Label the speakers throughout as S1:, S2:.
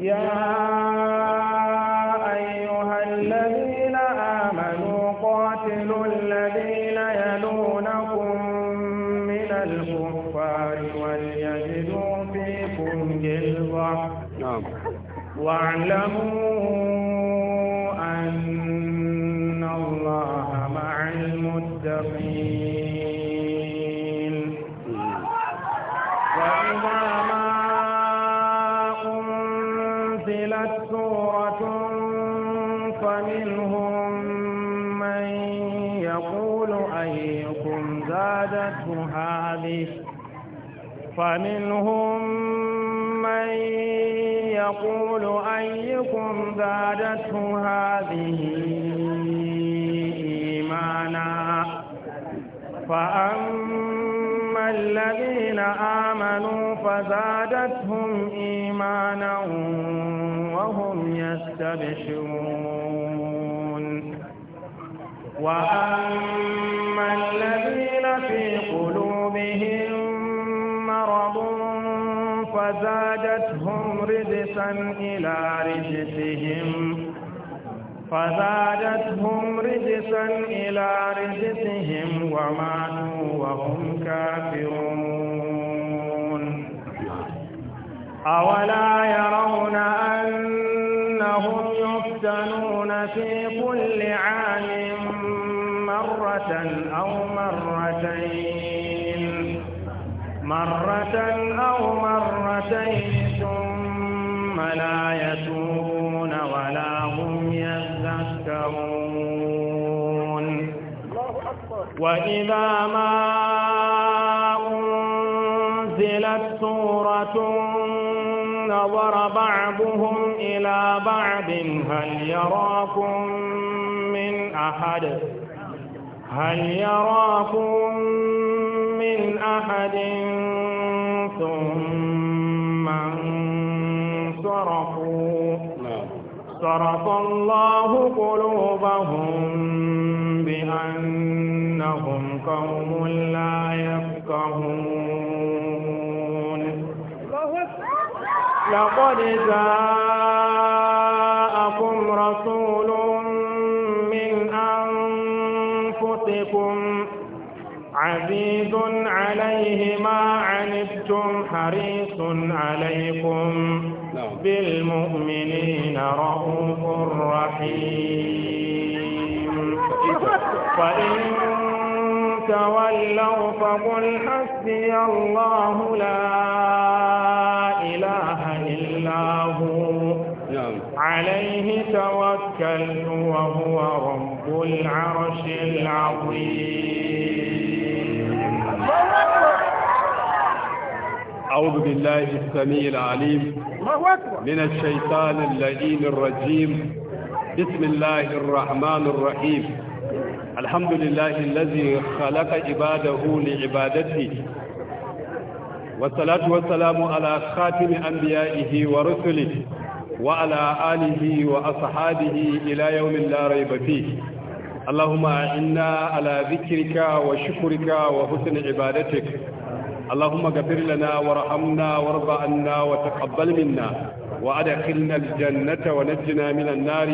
S1: يا أيها الذين آمنوا قاتلوا الذين يلونكم من الكفار وليجدوا فيكم جلظة نعم. واعلموا فمنهم من يقول أيكم زادته هذه إيمانا فأما الذين آمنوا فزادتهم إيمانا وهم يستبشرون وأما إلى رجسهم فزادتهم رجسا إلى رجسهم وماتوا وهم كافرون أولا يرون أنهم يفتنون في كل عام مرة أو مرتين مرة أو مرتين ولا يتوبون ولا هم يذكرون وإذا ما أنزلت سورة نظر بعضهم إلى بعض هل يراكم من أحد هل يراكم من أحد ثم صرفوا نعم. صرف الله قلوبهم بأنهم قوم لا يفقهون لقد جاءكم رسول من أنفسكم عزيز عليه ما عنتم حريص عليكم بالمؤمنين رؤوف رحيم فإن تولوا فقل حسبي الله لا إله إلا هو نعم. عليه توكلت وهو رب العرش العظيم أعوذ بالله
S2: السميع العليم من الشيطان اللئيم الرجيم بسم الله الرحمن الرحيم الحمد لله الذي خلق عباده لعبادته والصلاة والسلام على خاتم أنبيائه ورسله وعلى آله وأصحابه إلى يوم لا ريب فيه اللهم إنا على ذكرك وشكرك وحسن عبادتك اللهم اغفر لنا وارحمنا وارض عنا وتقبل منا وادخلنا الجنة ونجنا من النار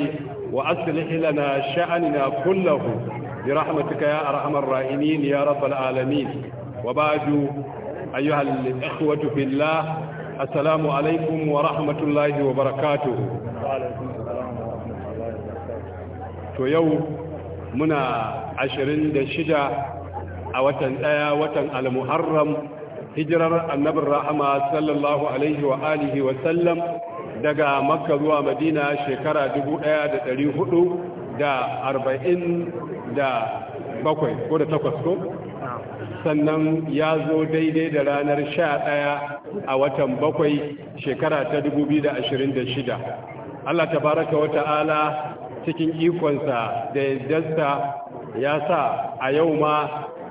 S2: وأصلح لنا شأننا كله برحمتك يا أرحم الراحمين يا رب العالمين وبعد أيها الإخوة في الله السلام عليكم ورحمة الله وبركاته to yau muna ashirin da shida a watan ɗaya watan al-muharram hijirar annabin rahama sallallahu alaihi wa alihi wa sallam daga makka zuwa madina shekara 1447 ko da takwas ko sannan ya zo daidai da ranar sha ɗaya a watan bakwai shekara ta 2026 Allah tabaraka wa ta'ala cikin ikonsa da yaddarsa ya sa a yau ma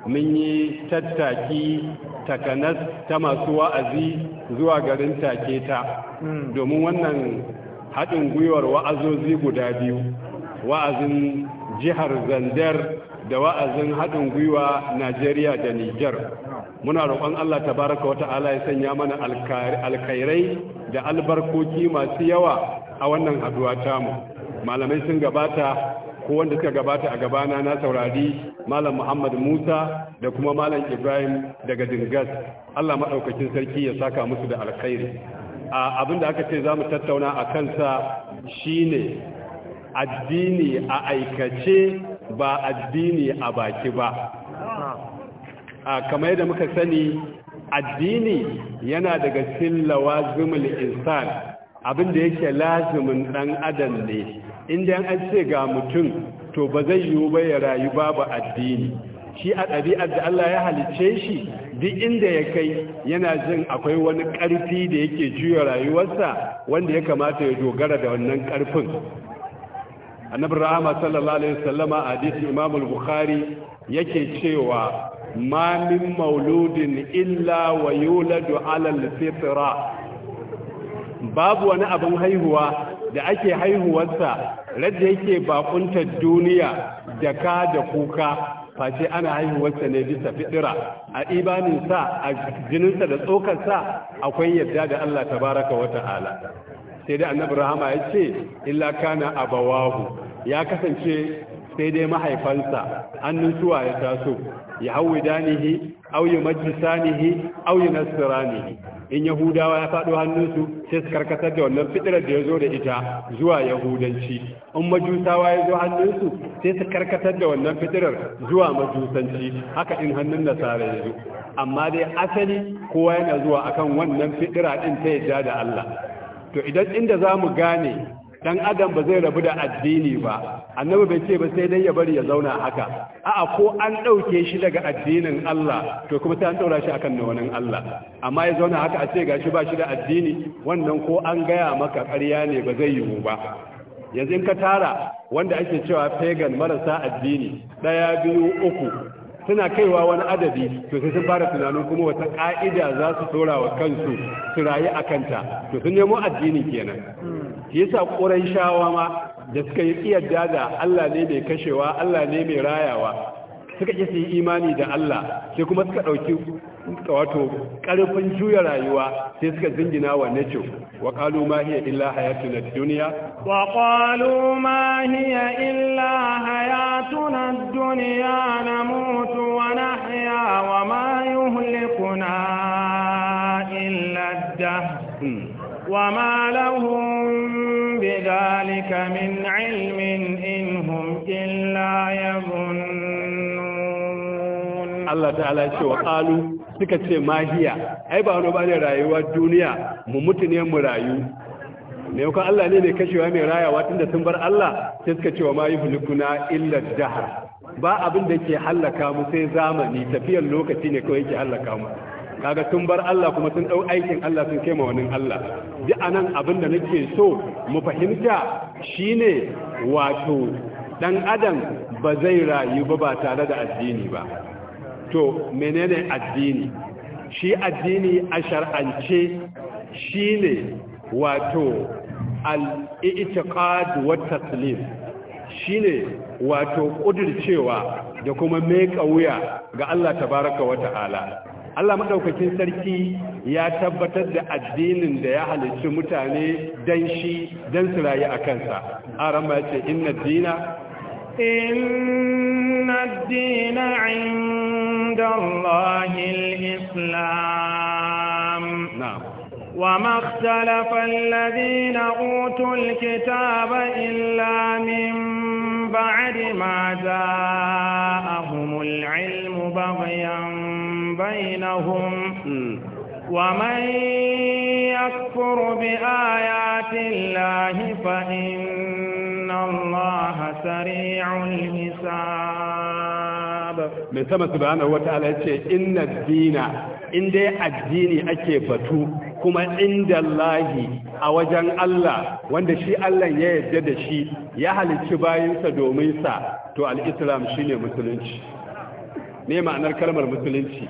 S2: mun yi tattaki takanas ta masu wa'azi zuwa garin take ta hmm. domin wannan haɗin gwiwar wa'azozi guda biyu wa'azin jihar zandar da wa'azin haɗin gwiwa najeriya da niger muna roƙon allah tabaraka wata ta'ala ya sanya mana alkairai da albarkoki masu yawa a wannan haduwa tamu malamai sun gabata ko wanda suka gabata a gabana na saurari malam muhammad musa da kuma malam ibrahim daga dingas allah maɗaukacin sarki ya saka musu da alkhairi abinda aka ce za mu tattauna a kansa shi ne. addini a aikace ba addini a baki ba kamar yadda muka sani addini yana daga cikin zumul insan abinda yake lazumin dan adam ne inda an ce ga mutum to ba zai yiwu ba ya rayu babu addini shi a ɗabi'ar da Allah ya halicce shi duk inda ya kai yana jin akwai wani ƙarfi da yake juya rayuwarsa wanda ya kamata ya dogara da wannan ƙarfin annabi rahama sallallahu alaihi wasallama hadisi imam al-bukhari yake cewa ma min mauludin illa wa yuladu ala al-fitra babu wani abin haihuwa da ake haihuwarsa radda yake bakuntar duniya da da kuka face ana haihuwarsa ne bisa fitira a ibaninsa a jininsa da tsokarsa akwai yadda da Allah tabaraka wa ta'ala sai da annabi rahama ya ce illa kana abawahu ya kasance sai dai mahaifansa hannun suwa ya taso ya hau danihi au majisanihi au nasiranihi in yahudawa ya faɗo hannunsu sai su karkatar da wannan fitirar da ya zo da ita zuwa yahudanci in majusawa ya zo hannunsu sai su karkatar da wannan fitirar zuwa majusanci haka in hannun nasara ya zo amma dai asali kowa yana zuwa akan wannan fitira ɗin ta yadda da Allah to idan inda za mu gane dan adam ba zai rabu da addini ba annabi bai ce ba sai dai ya bari ya zauna haka a'a ko an dauke shi daga addinin Allah to kuma sai an daura shi akan nawanin Allah amma ya zauna haka a ce gashi ba shi da addini wannan ko an gaya maka ƙarya ne ba zai yiwu ba yanzu in ka tara wanda ake cewa pagan marasa addini daya biyu uku suna kaiwa wani adadi to sai sun fara tunanin kuma wata ka'ida za su tora wa kansu su rayu a kanta to sun nemo addini kenan shi yasa shawa ma da suka yi iyadda da Allah ne mai kashewa Allah ne mai rayawa suka ƙi su yi imani da Allah sai kuma suka ɗauki wato ƙarfin juya rayuwa sai suka zingina wa nacho wa ƙalu ma hiya illa duniya
S1: wa ƙalu ma hiya illa duniya na mutu wa nahya wa ma yuhlikuna وما لهم بذلك من علم إن هم إلا يظنون
S2: الله تعالى شو قالوا suka ce mahiya ai ba wani bane rayuwa duniya mu mutu ne mu rayu ne kuma Allah ne ne kashewa mai rayawa tunda sun bar Allah sai suka ce wa ma yuhlikuna illa dahr ba abin da ke halaka mu sai zamani tafiyar lokaci ne kawai yake halaka mu kaga tun bar Allah kuma sun dau aikin Allah sun kai ma wani Allah ji anan abin da nake so mu fahimta shine wato dan adam ba zai rayu ba ba tare da addini ba to menene addini shi addini a shar'ance shine wato al-i'tiqad wa taslim shine wato ƙudurcewa da kuma mai wuya ga Allah Ta baraka wata ala. Allah madaukakin sarki ya tabbatar da addinin da ya halicci mutane dan shi dan su rayu a kansa arama ce inna dina
S1: inna dina inda Allahil islam na'am وما اختلف الذين أوتوا الكتاب إلا من بعد ما جاءهم العلم بغيا بينهم ومن يكفر بآيات الله فإن الله سريع الحساب
S2: من ثم سبحانه وتعالى إن الدين إن دي الدين أكي فتو kuma inda lahi a wajen Allah wanda shi Allah ya yarda da shi ya halicci bayinsa domin sa to al-islam shine musulunci ne ma'anar kalmar musulunci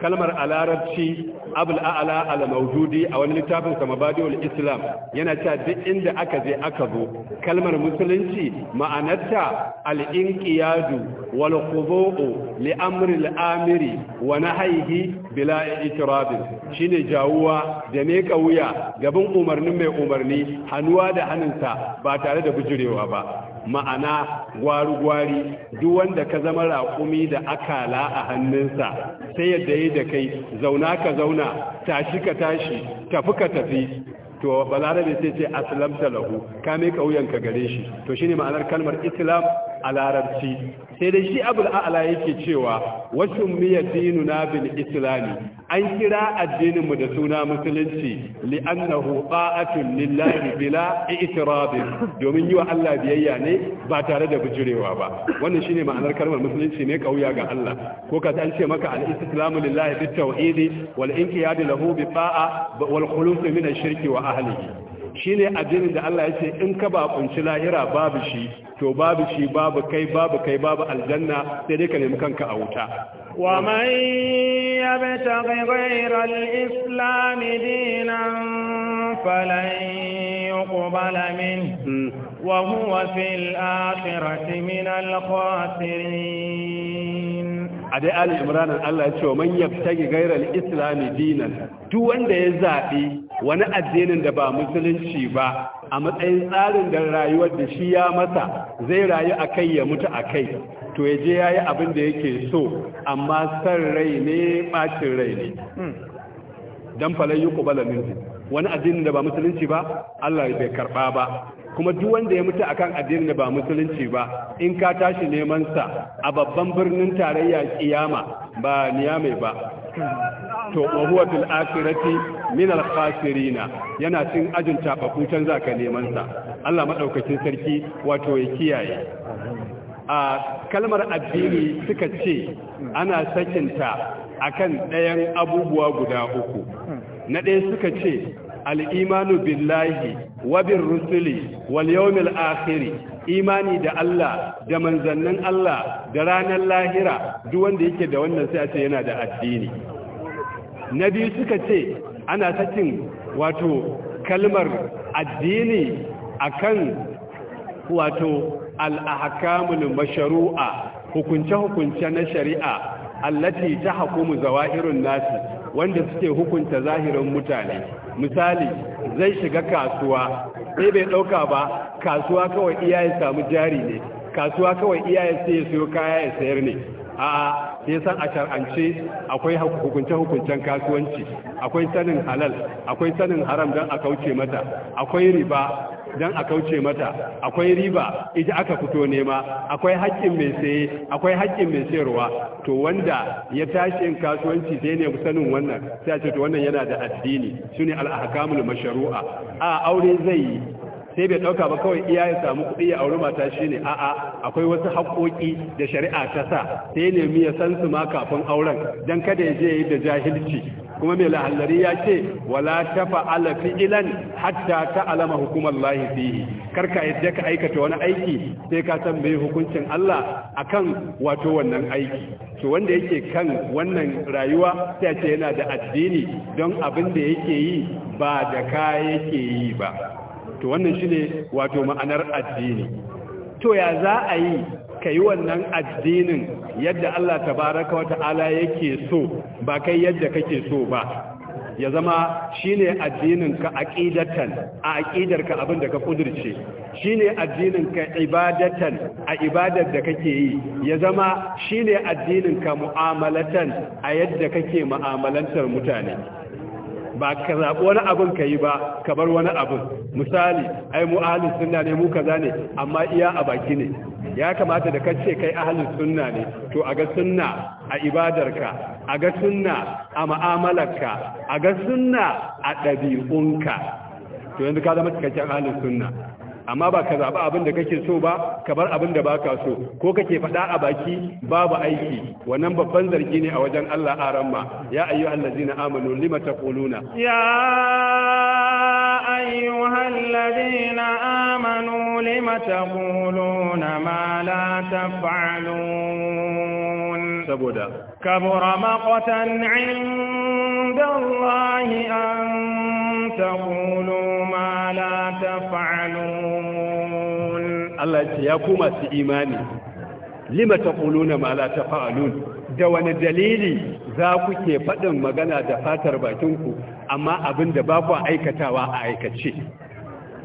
S2: kalmar a larabci abul a'la al mawjudi a wani littafin sa mabadiul islam yana cewa duk inda aka je aka zo kalmar musulunci ma'anarta al inqiyadu wal khudu'u li amri al amiri wa nahyihi bila itirab shine jawuwa da ne kauya gaban umarnin mai umarni hanuwa da hannunsa ba tare da bujurewa ba ma'ana gwari-gwari duk wanda ka zama raƙumi da akala a hannunsa sai yadda yi da kai zauna ka zauna tashi ka tashi tafi ka tafi to balarabe sai ce aslam lahu ka mai ka gare shi to shine ma'anar kalmar islam a larabci sai dai shi abul a'la yake cewa wasu miya na bin islami an kira addinin mu da suna musulunci li annahu ta'atun lillahi bila i'tirab domin yi wa Allah biyayya ne ba tare da bujurewa ba wannan shine ma'anar kalmar musulunci ne kauya ga Allah ko ka ce maka al islamu lillahi bit tauhid wal inqiyad lahu bi ta'a wal khulus min ash-shirki wa ahlihi shine addinin da Allah ya ce in ka ba kunci lahira babu shi to babu shi babu kai babu kai babu aljanna sai dai ka nemi kanka a wuta
S1: wa man yabtaghi ghayra al-islam dinan falan yuqbala min hmm. wa huwa fil akhirati min al-khasirin
S2: a dai ali imran Allah ya ce wa man yabtagi ghayra islami dinan duk wanda ya zabi wani addinin da ba musulunci ba a matsayin tsarin da rayuwar da shi ya masa zai rayu akai ya mutu akai to ya je yayi abin da yake so amma san rai ne bacin rai ne dan falan yuqbala minhu wani addinin da ba musulunci ba Allah bai karɓa ba kuma duk wanda ya mutu akan addini ba musulunci ba in ka tashi neman sa a babban birnin tarayya kiyama ba niyame ba to wa huwa fil akhirati min al khasirina yana cin ajin tafafu can zaka neman sa Allah madaukakin sarki wato ya kiyaye a kalmar addini suka ce ana sakinta akan ɗayan abubuwa guda uku na ɗaya suka ce al'imanu billahi wabin rusuli wal yawmil akhiri imani da Allah da manzannin Allah da ranar lahira duk wanda yake da wannan sai a ce yana da addini na biyu suka ce ana sakin wato kalmar addini akan wato al'ahakamul masharu'a hukunce-hukunce na shari'a allati ta hakumu zawahirun nasi wanda suke hukunta zahirin mutane misali zai shiga kasuwa sai bai ɗauka ba kasuwa kawai iya ya samu jari ne kasuwa kawai iya ya sai ya siyo kaya ya sayar ne a sai san a shar'ance akwai hukunce-hukuncen kasuwanci akwai sanin halal akwai sanin haram don a kauce mata akwai riba don a kauce mata akwai riba ita aka fito nema akwai haƙƙin mai saye akwai haƙƙin mai sayarwa to wanda ya tashi in kasuwanci sai ne sanin wannan sai a ce to wannan yana da addini su ne al'ahkamul masharu'a a aure zai yi sai bai ɗauka ba kawai iya ya samu kuɗi ya auri mata shi ne a'a akwai wasu haƙoƙi da shari'a ta sa sai nemi ya san su ma kafin auren don kada ya je ya yi da jahilci kuma mai lahallari ya ce wala ala fa'ala fi'ilan hatta ta alama hukumar lahi fihi karka yadda ka aikata wani aiki sai ka san mai hukuncin Allah akan wato wannan aiki to wanda yake kan wannan rayuwa sai ce yana da addini don abin da yake yi ba da ka yake yi ba to wannan shi ne wato ma'anar addini to ya za a yi ka yi wannan addinin yadda Allah ta tabaraka wa ta'ala yake so ba kai yadda kake so ba ya zama ne addinin ka ƙidatan a ƙidar ka abin da ka Shi shi addinin ka ibadatan a ibadar da kake yi ya zama shine addinin ka mu'amalatan a yadda kake mu'amalantar mutane ba ka zaɓi wani abin ka yi ba ka bar wani abin misali ai mu ahalin sunna ne mu kaza ne amma iya a baki ne ya kamata da kace kai ahalin sunna ne to a ga sunna a ibadarka a ga sunna a ma'amalarka, a ga sunna a ɗabi'unka to yanzu ka zama cikakken ahalin sunna amma ba ka zaɓi abin da kake so ba ka bar abin da baka so ko kake faɗa a baki babu aiki wannan babban zargi ne a wajen Allah aramma ya ayyu allazina amanu lima taquluna
S1: ya ayyuhal ladina amanu lima taquluna ma la saboda kabura 'inda Allah an taqulu ta
S2: لا ya kuma su imani, lima ta لما na mala ta fa’alun, da wani dalili za ku ke faɗin magana da fatar bakinku amma abin da ba ku aikatawa a aikace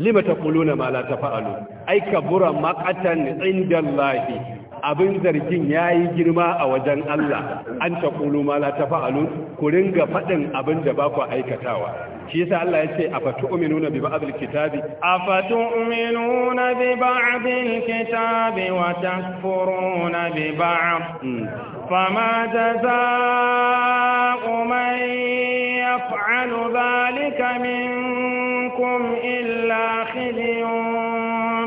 S2: lima ta kuluna ma la ta fa'alu aika bura maƙatan inda lafi. abin zargin ya yi girma a wajen Allah an ta kulu ma la ta fa'alu ku ringa faɗin abin da ba ku aikatawa shi yasa Allah ya ce afatu'minuna bi ba'dil
S1: kitabi afatu'minuna bi ba'dil kitabi wa takfuruna bi ba'd hmm. fama jazaa'u man yaf'alu dhalika minkum illa khizyun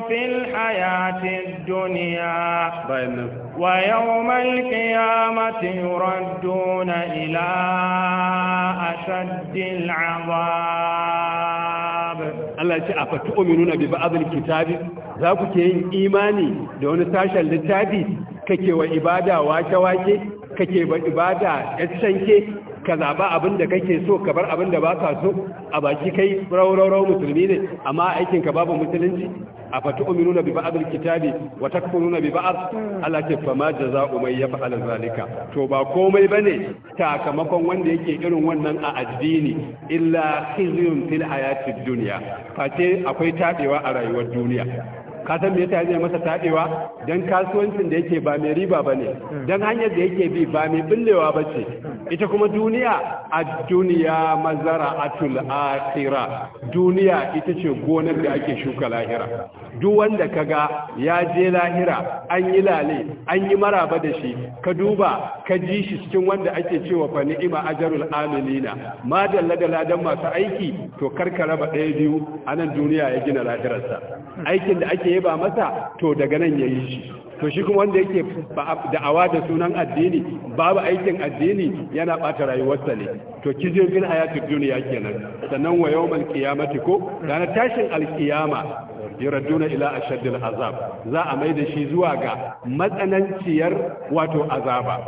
S1: في الحياة الدنيا ويوم Allah
S2: ya ce a fatu ominuna bi ba'adul kitabi za ku ke yin imani da wani sashen littafi kake wa ibada wake wake kake ba ibada yassanke ka zaɓa abin da kake so ka bar abin da ba ka so a baki kai raurau musulmi ne amma aikin ka babu musulunci a fatu uminu na biba abin kitabi wa takfuru na biba Allah ke fama jaza umai ya fa'ala zalika to ba komai bane takamakon wanda yake irin wannan a addini illa khizyun fil hayatid dunya akwai tabewa a rayuwar duniya ka san me yasa ya masa taɗewa dan kasuwancin da yake ba mai riba bane dan hanyar da yake bi ba mai billewa bace ita kuma duniya a duniya mazara atul akhirah duniya ita ce gonar da ake shuka lahira duk wanda kaga ya je lahira an yi lale an yi maraba da shi ka duba ka ji shi cikin wanda ake cewa fa ni'ima ajrul amilina ma dalla da ladan masu aiki to karkara ba ɗaya biyu a nan duniya ya gina lahirarsa aikin da ake ba masa to daga nan ya yi shi to shi kuma wanda yake da'awa da sunan addini babu aikin addini yana bata rayuwarsa ne to kizir bin hayatid duniya kenan sannan wa yawmal qiyamati ko ranar tashin alkiyama yaraduna ila ashaddil azab za a mai da shi zuwa ga matsananciyar wato azaba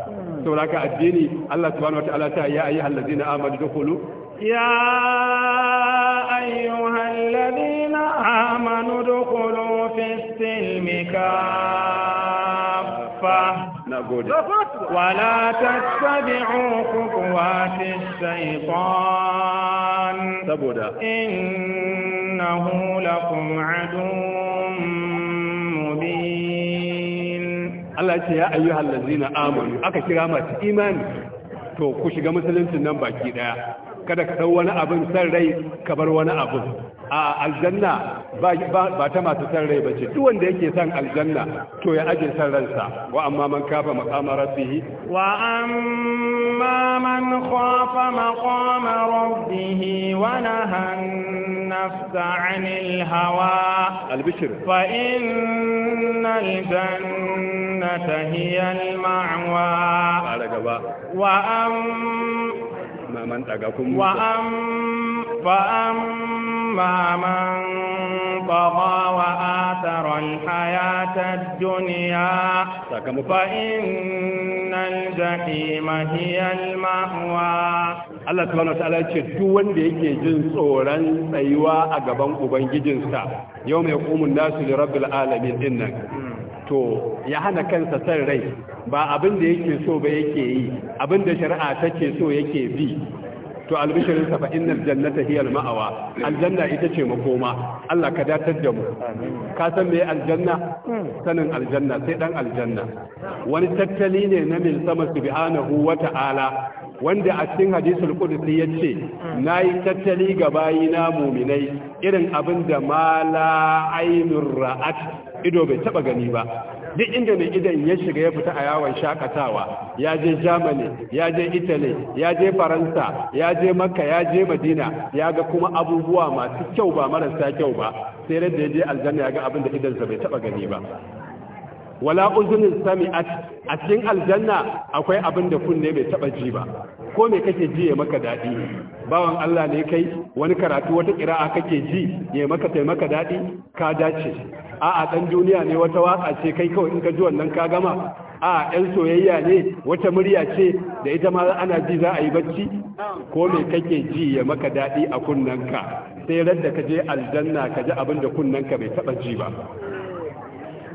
S2: saboda addini Allah subhanahu wataala ta ya ayyuhallazina amanu dukhulu
S1: يا أيها الذين آمنوا ادخلوا في السلم كافة ولا تتبعوا خطوات الشيطان إنه لكم عدو mubin
S2: Allah ya ce ya ayyuhal ladzina amanu aka kira masu imani to ku shiga musuluncin nan baki daya kada ka dau wani abin san rai ka bar wani abin a aljanna ba ta masu san rai ba ce duk wanda yake san aljanna to ya aje san ransa wa amma man kafa maqama rabbihi
S1: wa amma man khafa maqama rabbihi wa nahan nafsa 'anil hawa albishir fa innal jannata hiya al-ma'wa wa amma
S2: amma man daga kun wa am
S1: fa amma man طغى وآثر الحياة الدنيا jahima hiya al mahwa
S2: Allah subhanahu wataala ta'ala ce duk wanda yake jin tsoron tsayuwa a gaban ubangijinsa yau mai kumun nasu li rabbil alamin dinnan to ya hana kansa san rai ba abin da yake so ba yake yi abin da shari'a take so yake bi to albishirin fa jannata hiya ma'awa aljanna ita ce makoma Allah ka datar da mu ka san me aljanna sanin aljanna sai dan aljanna wani tattali ne na min sama subhanahu ta'ala. wanda a cikin hadisul qudsi yace nayi tattali ga bayina mu'minai irin abin da mala ainur ra'at ido bai taba gani ba duk inda mai idan ya shiga ya fita a yawon shakatawa ya je germany ya je italy ya je faransa ya je makka ya je madina ya ga kuma abubuwa masu kyau ba marasa kyau ba sai da ya je aljanna ya ga abin da idansa bai taba gani ba wala uzunin sami a cikin aljanna akwai abin da kunne bai taba ji ba ko me kake ji ya maka daɗi bawan Allah ne kai wani karatu wata kira'a kake ji ya maka taimaka daɗi ka dace a'a ɗan duniya ne wata waƙa ce kai kawai in ka ji wannan ka gama a yan soyayya ne wata murya ce da ita ma ana ji za a yi bacci ko me kake ji ya maka daɗi a kunnanka sai radda ka je aljanna ka ji abin da kunnanka bai taɓa ji ba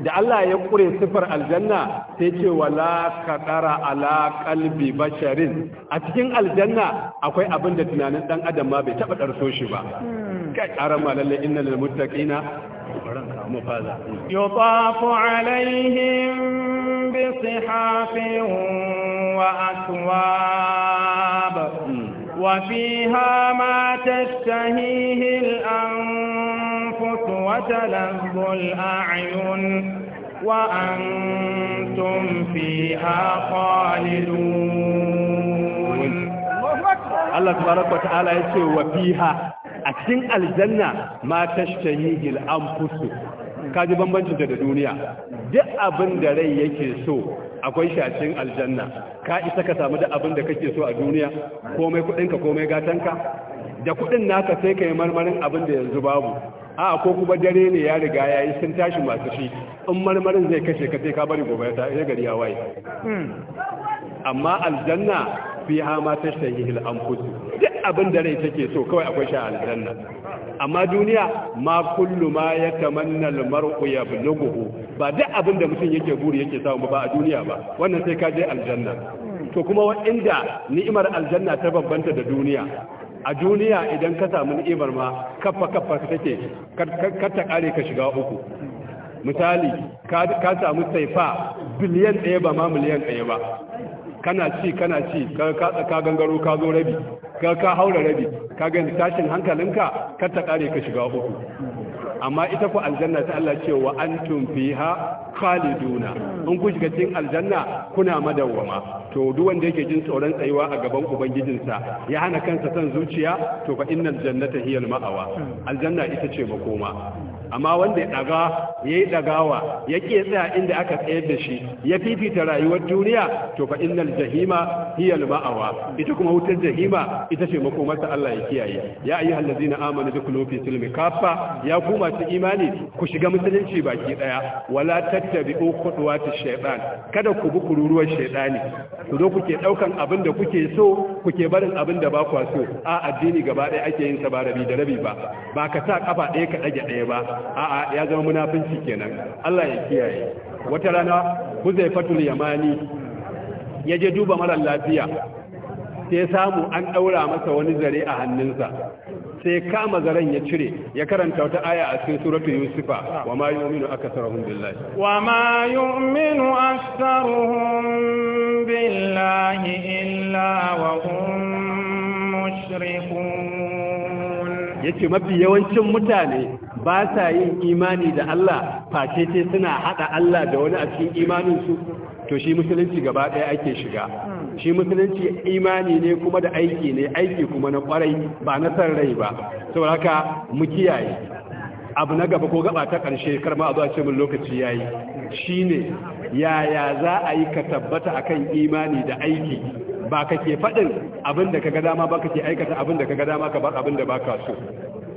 S2: da Allah ya ƙure sifar aljanna sai ce wala kadara ala kalbi basharin a cikin aljanna akwai abin da tunanin dan adam ma bai taba darso shi ba
S1: hmm. kai
S2: ma lalle innal muttaqina mu faza
S1: yutafu alaihim bi wa hmm. ma وتلظ الأعين وأنتم فيها خالدون
S2: الله تبارك وتعالى يقول وفيها أتين الجنة ما تشتهيه الأنفس kaji bambancinta da duniya duk abin da rai yake so akwai cikin aljanna ka isa ka samu duk abin da kake so a duniya komai kudinka komai gatanka da kudin naka sai ka yi marmarin abin da yanzu babu a ko kuma dare ne ya riga ya yi sun tashi masu shi in marmarin zai kashe ka sai ka bari gobe ta ya gari ya waye amma aljanna fi ha ma tashtahi hil kudu. duk abin da rai take so kawai akwai shi aljanna amma duniya ma kullu ma yatamanna al mar'u ba duk abin da mutum yake buri yake samu ba a duniya ba wannan sai ka je aljanna to kuma inda ni'imar aljanna ta babbanta da duniya a duniya idan ka samu ni'imar ma kafa kafa take kar ta kare ka shiga uku misali ka samu saifa biliyan ɗaya ba ma miliyan ɗaya ba kana ci kana ci ka gangaro ka zo rabi ka haura rabi ka gani tashin hankalinka kar ta kare ka shiga uku amma ita ku aljanna ta Allah ce wa antum fiha khaliduna in ku shiga cikin aljanna kuna madawwama to duk wanda yake jin tsoron tsayuwa a gaban ubangijinsa ya hana kansa san zuciya to fa innal jannata hiyal ma'awa aljanna ita ce makoma amma wanda ya daga ya dagawa ya ke tsaya inda aka tsayar da shi ya fifita rayuwar duniya to fa innal jahima hiya ma'awa ita kuma wutar jahima ita ce makomarta Allah ya kiyaye ya ayyuhal ladina amanu dukulu fi silmi kaffa ya ku masu imani ku shiga musulunci baki daya wala tattabi'u khutuwati shaytan kada ku bi kururuwar shaytani ku zo kuke daukan abin da kuke so kuke barin abin da ba ku so a addini gaba daya ake yin sa ba rabi da rabi ba ba ka sa kafa daya ka dage daya ba a'a ya zama munafinci kenan Allah ya kiyaye wata rana Huzaifatul Yamani ya je duba mara lafiya sai samu an daura masa wani zare a hannunsa sai kama zaren ya cire ya karanta wata aya a cikin suratul yusufa wa ma yu'minu aktharuhum billahi
S1: wa ma yu'minu aktharuhum billahi illa wa hum mushrikun
S2: yace mafi yawancin mutane ba sa yin imani da Allah face ce suna hada Allah da wani a cikin imaninsu to shi musulunci gaba ɗaya ake shiga shi musulunci imani ne kuma da aiki ne aiki kuma na kwarai ba na san rai ba saboda haka mu kiyaye abu na gaba ko gaba ta ƙarshe karma a zuwa ce min lokaci yayi shine yaya za a yi ka tabbata akan imani da aiki ba kake faɗin abin da ka ga dama ba kake aikata abin da ka ga dama ka bar abin da baka so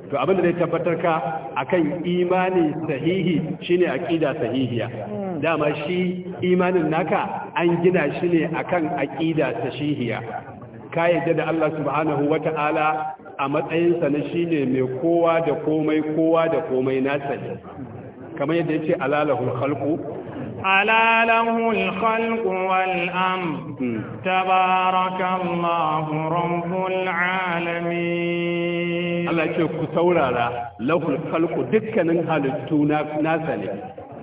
S2: to abin da zai tabbatar ka akan imani sahihi shine aqida sahihiya dama shi imanin naka an gina shi ne akan aqida sahihiya ka yadda da Allah subhanahu wata'ala a matsayin sa na shine mai kowa da komai kowa da komai nasa sani. kamar yadda yace alalahul khalqu
S1: alalahu له الخلق والأمر تبارك الله رب Allah ce ku saurara lahul khalqu
S2: dukkanin halittu nasa ne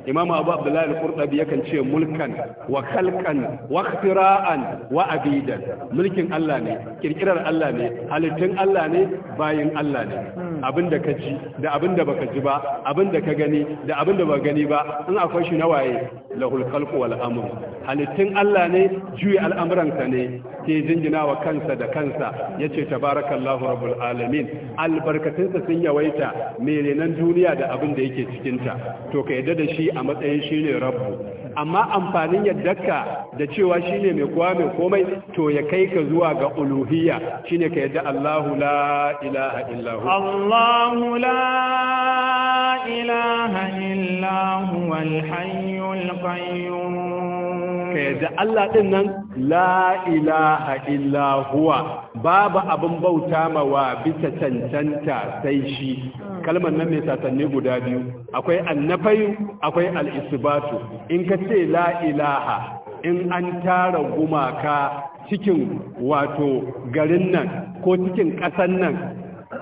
S2: Imam abu abdullahi al-qurtubi yakan ce mulkan wa khalqan wa ikhtira'an wa abidan mulkin Allah ne kirkirar Allah ne halittun Allah ne bayin Allah ne abin da ka ji da abin da baka ji ba abin da ka gani da abin da ba gani ba in akwai shi na waye lahul khalqu wal amr halittun Allah ne juyi al'amuransa ne ke jingina wa kansa da kansa yace tabarakallahu rabbul alamin albarkatunsa sun yawaita mai renan duniya da abin da yake cikinta to ka yadda da shi a matsayin shi ne rabbu amma amfanin yaddarka da cewa shine mai kowa mai komai to ya kai ka zuwa ga uluhiyya shine ka yadda Allahu la ilaha Allahu la ilaha
S1: illa hu wal hayyul qayyum
S2: ka yadda Allah din nan la ilaha illa huwa babu abin bauta ma bisa cancanta sai shi kalmar nan mai satanni guda biyu akwai annafayu akwai al'isbatu in ka ce la in an tara gumaka cikin wato garin nan ko cikin ƙasan nan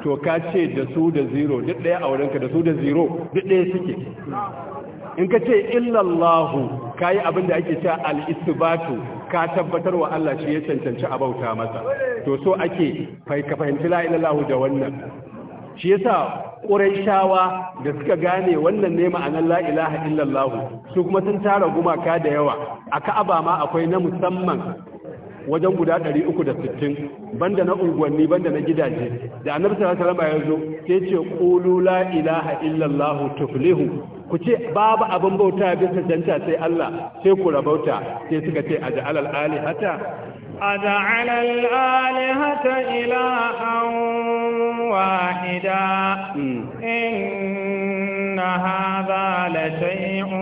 S2: to ka ce da su da zero duk ɗaya a wurinka da su da zero duk ɗaya suke in ka ce illallahu ka yi abin da ake cewa al'isbatu ka tabbatar wa Allah shi ya cancanci a bauta masa to so ake ka fahimci la'ilallahu da wannan shi yasa shawa da suka gane wannan ne ma'anar la ilaha illallah su kuma sun tara gumaka da yawa a Ka'aba ma akwai na musamman wajen guda 360 banda na unguwanni banda na gidaje da annabi sallallahu alaihi wasallam ya zo sai ce qulu la ilaha illallah tuflihu ku ce babu abin bauta bisa janta sai Allah sai ku rabauta sai suka ce aj'al al alihata
S1: أجعل الآلهة إلها واحدا إن هذا لشيء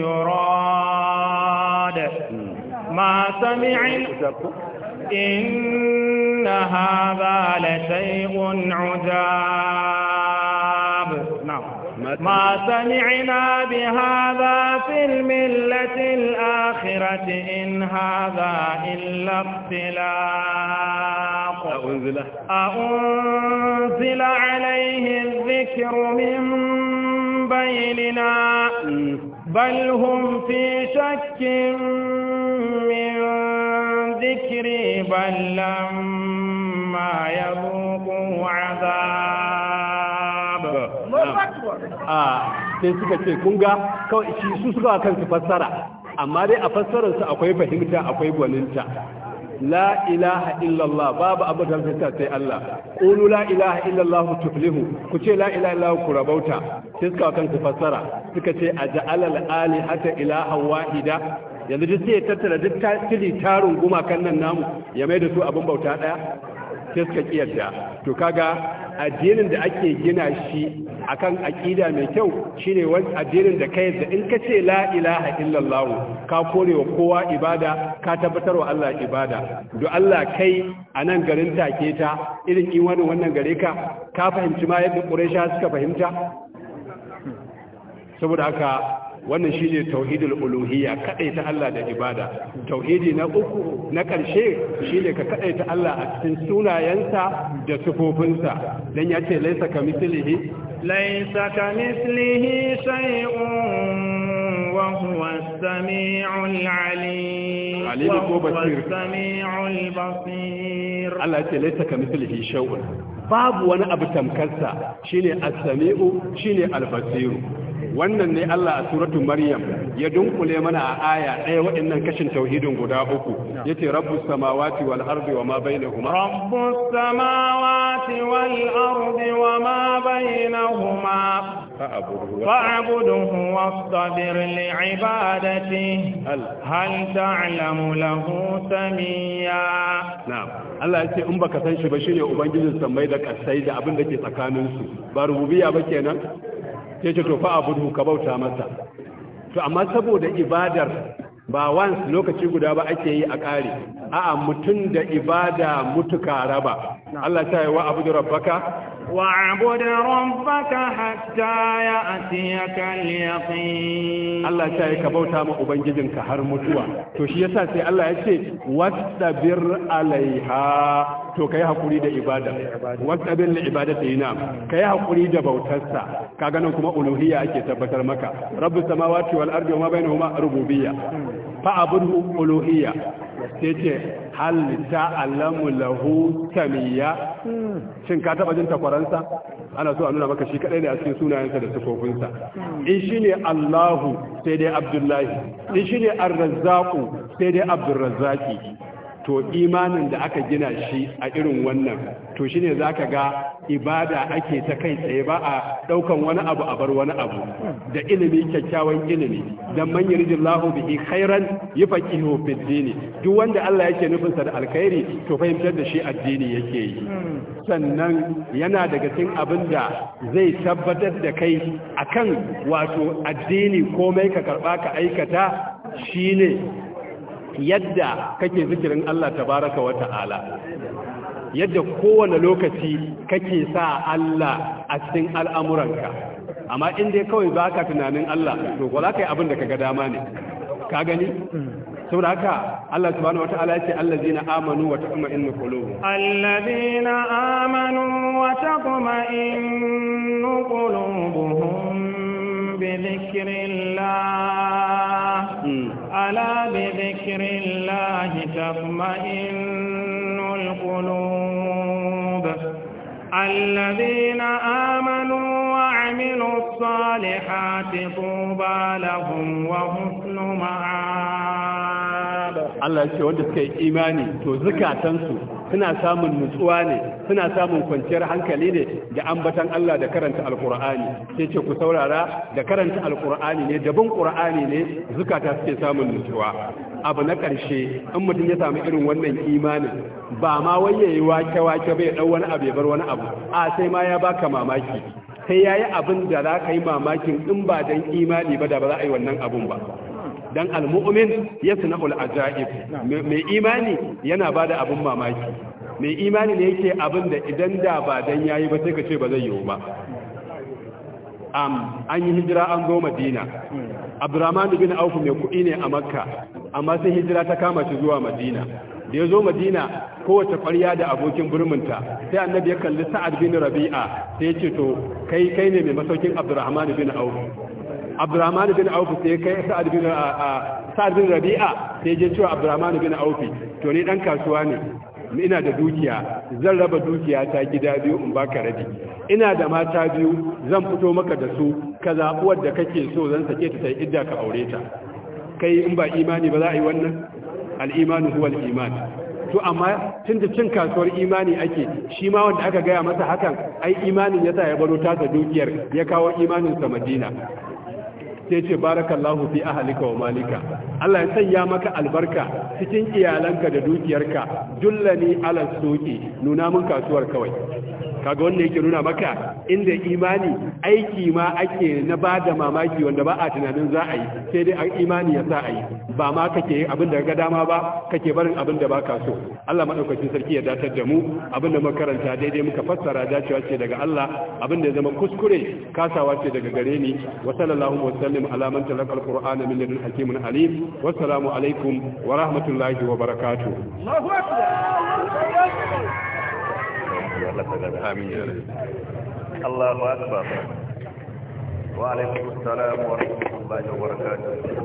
S1: يراد ما سمع إن هذا لشيء عجاب ما سمعنا بهذا في الملة الآخرة إن هذا إلا اختلاق أأنزل, أأنزل عليه الذكر من بيننا بل هم في شك من ذكري بل لما يذوقوا عذاب
S2: a sai suka ce kun ga kawai shi su suka kansu fassara amma dai a fassarar su akwai fahimta akwai gwaninta la ilaha illallah babu abu da zai sai Allah qulu la ilaha illallah tuflihu ku ce la ilaha illallah ku rabauta sai suka kan kansu fassara suka ce aja'ala al-ali hatta ilaha wahida yanzu duk sai tattara duk tasiri tarun gumakan nan namu ya mai da su abin bauta daya sai suka kiyarda to kaga addinin da ake gina shi akan aqida mai kyau shine wani addinin da kai da in ka ce la ilaha illallah ka korewa kowa ibada ka tabbatar wa Allah ibada do Allah kai a nan garin take ta irin wani wannan gare ka ka fahimci ma yadda quraisha suka fahimta saboda haka wannan shine tauhidul uluhiyya ta Allah da ibada tauhidi na uku na karshe shine ka ta Allah a cikin sunayensa da sifofinsa dan yace laisa kamithlihi
S1: laisa kamithlihi shay'un وهو السميع العليم عليم وهو السميع البصير
S2: الله يقول ليس كمثله شيء babu wani abu tamkarsa shine as-sami'u shine al-basiru wannan ne Allah a suratu Maryam ya dunkule mana a aya ɗaya waɗannan kashin tauhidin guda uku yace rabbus samawati wal ardi wama bainahuma
S1: rabbus samawati wal ardi wama bainahuma فاعبده واصطبر لعبادته هل تعلم له سميا نعم
S2: Allah ya ce in baka san shi ba shine ubangijin sammai da kasai da abin da ke tsakanin su ba rububiyya ba kenan sai ce to fa abudu ka bauta masa to amma saboda ibadar ba once lokaci guda ba ake yi a ƙari. a'a mutum da ibada mutuka raba
S1: Allah ta yi wa abu rabbaka wa abu rabbaka hatta ya kalli al-yaqin Allah ta yi ka
S2: bauta ma ubangijinka har mutuwa to shi yasa sai Allah ya ce wastabir alaiha to kai hakuri da ibada wastabir li ibadati na kai hakuri da bautarsa Ka ganin kuma uluhiyya ake tabbatar maka rabbus samawati wal ardi wa ma bainahuma rububiyya fa'abun uluhiyya sai ce halitta alamu lahu tamiya shin ka taba jin takwaransa ana so a nuna maka shi kadai ne a cikin sunayensa da sukofinsa in shine Allahu sai dai Abdullahi in shine Ar-Razzaq sai dai Abdurrazzaqi to imanin da aka gina shi a irin wannan to shine zaka ga ibada ake ta kai tsaye ba a daukan wani abu a bar wani abu da ilimi kyakkyawan ilimi dan man yarjillahu bihi khairan yafaqihu fid dini duk wanda Allah yake nufin sa da alkhairi to fahimtar da shi addini yake yi sannan yana daga cikin abin da zai tabbatar da kai akan wato addini komai ka karba ka aikata shine yadda kake zikirin Allah tabaraka wa ta'ala yadda kowane lokaci kake sa Allah a cikin al'amuranka amma in dai kawai ba tunanin Allah to za ka yi abin da ka ga dama ne ka gani saboda haka Allah subhanahu wata'ala yace allazina amanu wa tatma'innu qulubuhum
S1: allazina amanu wa tatma'innu qulubuhum بذكر الله ألا بذكر الله تطمئن القلوب الذين آمنوا وعملوا الصالحات طوبى لهم وحسن معاب
S2: الله يقول لك إيماني تو زكاة تنسو suna samun nutsuwa ne suna samun kwanciyar hankali ne da ambatan Allah da karanta alkur'ani sai ce ku saurara da karanta alkur'ani ne da bin qur'ani ne zukata suke samun nutsuwa abu na karshe in mutum ya samu irin wannan imanin ba ma wai yayi wake wake bai dau wani abu ya bar wani abu a sai ma ya baka mamaki sai yayi abin da za ka yi mamakin in ba dan imani ba da ba za a yi wannan abun ba dan almu'min yasna'ul ajaib mai imani yana ba da abin mamaki mai imani ne yake abin da idan da ba dan yayi ba sai ka ce ba zai yiwu ba an yi hijira an zo madina abdurrahman bin auf mai kuɗi ne a makka amma sai hijira ta kama shi zuwa madina da ya zo madina kowace ƙwarya da abokin burminta sai annabi ya kalli sa'ad bin rabi'a sai ya ce to kai kai ne mai masaukin abdurrahman bin auf abdurrahman bin auf sai kai sa'ad bin sa'ad bin rabi'a sai je cewa abdurrahman bin auf to ni dan kasuwa ne ina da dukiya zan raba dukiya ta gida biyu in baka rabi ina da mata biyu zan fito maka da su ka zaɓi wadda kake so zan sake ta sai idda ka aure ta kai in ba imani ba za a yi wannan al'imanu huwa al'iman to amma tun da cin kasuwar imani ake shi ma wanda aka gaya masa hakan ai imanin ya sa ya baro tasa dukiyar ya kawo imanin sa madina sai ce barakallahu fi ahlika wa malika Allah ya sanya maka albarka cikin iyalanka da dukiyarka dullani ala soki nuna mun kasuwar kawai kaga wanda yake nuna maka inda imani aiki ma ake na ba da mamaki wanda ba a tunanin za a yi sai dai an imani ya sa a yi ba ma kake abin da ga dama ba kake barin abin da baka so Allah madaukakin sarki ya datar da mu abin da makaranta daidai muka fassara dacewa ce daga Allah abin da ya zama kuskure kasawa ce daga gare ni wa sallallahu wa sallim ala man talaqa alqur'ana min ladun hakimin alim wassalamu alaikum wa rahmatullahi wa barakatu.
S1: Allahu akbar wa alaikum
S2: wa rahmatullahi wa